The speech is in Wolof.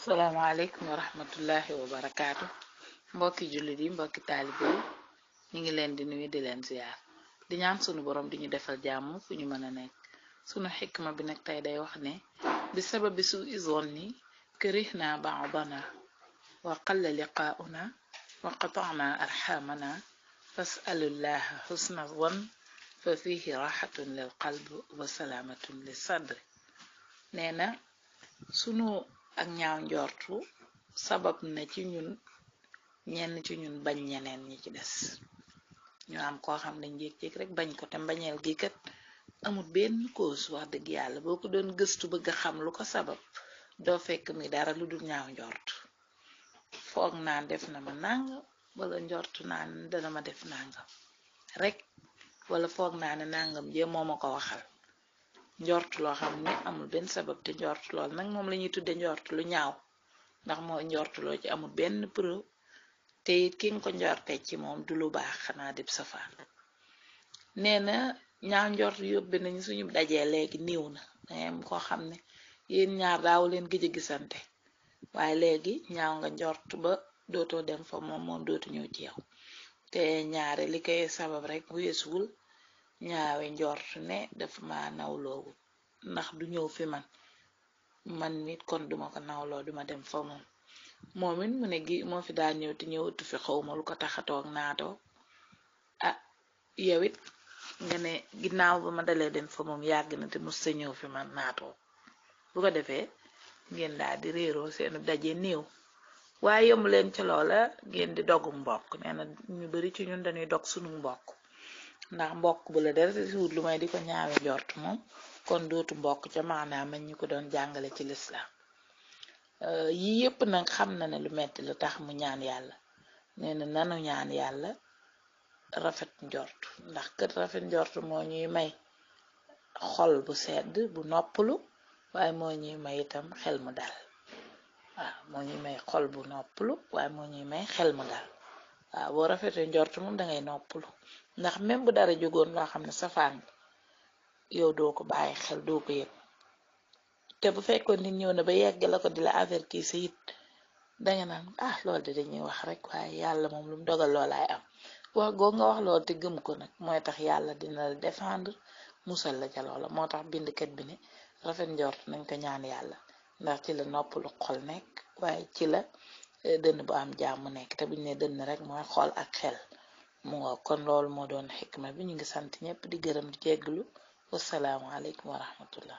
salaamaaleykum wa rahmatullahi wa barakaatu mbokki jullit yi mbokki taalibe yi ñu ngi leen di nuyu di leen ziyaar di ñaan sunu borom di ñu defal jàmm fu ñu mën a nekk sunu xikma bi nag tey day wax ne bi sababi su isoon ni karihna baadana wa qalla liqaauna wa qataana arxamana fasalullaha xusna wan fa fihi raxatun lil qalb wa salaamatun li sadri nee sunu ak ñaaw njortu sabab na ci ñun ñenn ci ñun bañ ñeneen ñi ci des ñu am koo xam ne njéeg jéeg rek bañ ko te mbañeel gi kat amul benn cause wax dëgg yàlla boo ko doon gëstu bëgg xam lu ko sabab doo fekk mi dara lu dul ñaaw njort foog naan def na ma nàng wala njort naan dana ma def nàngam rek wala foog naa ne nàngam jee moo ma ko waxal njort loo xam ne amul benn sabab te njort lool nag moom lañuy tudde njort lu ñaaw ndax moo njort loo ci amul benn preuve te it ki nga ko njorte ci moom du lu baax xanaa dib safaan nee na ñaaw njort yóbbe nañu suñu dajee léegi niiw na am koo xam ne yéen ñaar daaw leen gëj a gisante waaye léegi ñaw nga njort ba dootoo dem fa moom moom dootu ñëw ci yow te ñaare li koy sabab rek bu yeesuwul ñaawe njort ne def ma nawloowu ndax du ñëw fi man man nit kon duma ko nawloo duma dem fa moom moomin mu ne gi moo fi daan ñëw te ñëwutu fi xawma lu ko taxatoog naatoo ah yow nga ne ginnaaw ba ma dalee dem fa moom yàgg na te mus ñëw fi man naatoo bu ko defee ngeen daal di réeroo seenu daje néew waaye yomb leen ca loola ngeen di dogu mbok nee na ñu bari ci ñun dañuy dog sunu mbokk ndax mbokk bu la dara siwut lu may di ko ñaawe njort moom kon dootu mbokk ca maanaam man ñi ko doon jàngale ci lislaam euh, yii yëpp nag xam na ne lu metti lu tax mu ñaan yàlla nee na nanu ñaan yàlla rafet njort ndax kër rafet njort moo ñuy may xol bu sedd bu noppalu waaye moo ñuy may itam xel mu dal moo ñuy may xol bu noppalu waaye moo ñuy may xel mu dal waaw boo rafetee njort moom dangay noppalu ndax mem bu dara jogoon loo xam ne safaan yow doo ko bàyyi xel doo ko yëg te bu fekkoon nit ñëw na ba yegg la ko di la avertir sa it danga naan ah lool de dañuy wax rek waaye yàlla moom lu mu dogal loolaay am wax goo nga wax lool te gëm ko nag mooy tax yàlla dina la défendre musal la ca loola moo tax bindkat bi ne rafet njort nañ ko ñaan yàlla ndax ci la nopp lu xol nekk waaye ci la eh, dënn bu am jàmm nekk te buñ ne dënn rek mooy xool ak xel mu kon loolu moo doon xikma bi ñu ngi sant ñepp di gërëm di jegglu wasalaamu aleykum wa